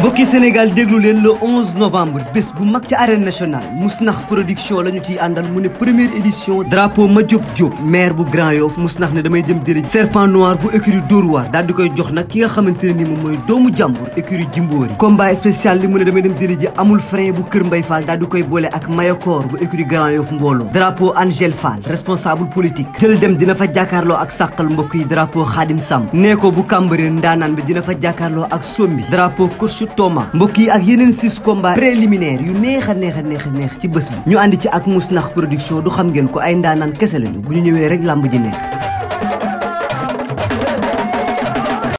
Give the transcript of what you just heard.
mbokki Sénégal déglu leen le 11 novembre bés bu mag ci arène nationale Mousnakh production la ñu ciy àndal mu ne première édition drapeau Madiop Diop maire bu Grand Yoff Mousnakh ne damay dem jëli serpent noir bu écurie Dóor waar koy jox nag ki nga xamante ne ni moom mooy doomu jàmbur écurie Jimbori combat spécial li mu ne damay dem jëli ji amul frein bu Kër Mbay Fall daal di koy boole ak Mayakoor bu écurie Grand Yoff mbooloo drapeau Angel Fall responsable politique jël dem dina fa jàkkaarloo ak mbokk yi drapeau Khadim Sam nee ko bu Cambérène ndaanaan bi dina fa jàkkaarloo ak sombi drapeau Thomas mbokk yi ak yeneen six combats préliminaires yu neex a neex a neex a neex ci bës bi ñu ànd ci ak Mousnakh production du xam ngeen ko ay ndaanaan kese lañu bu ñu ñëwee rek làmb ji neex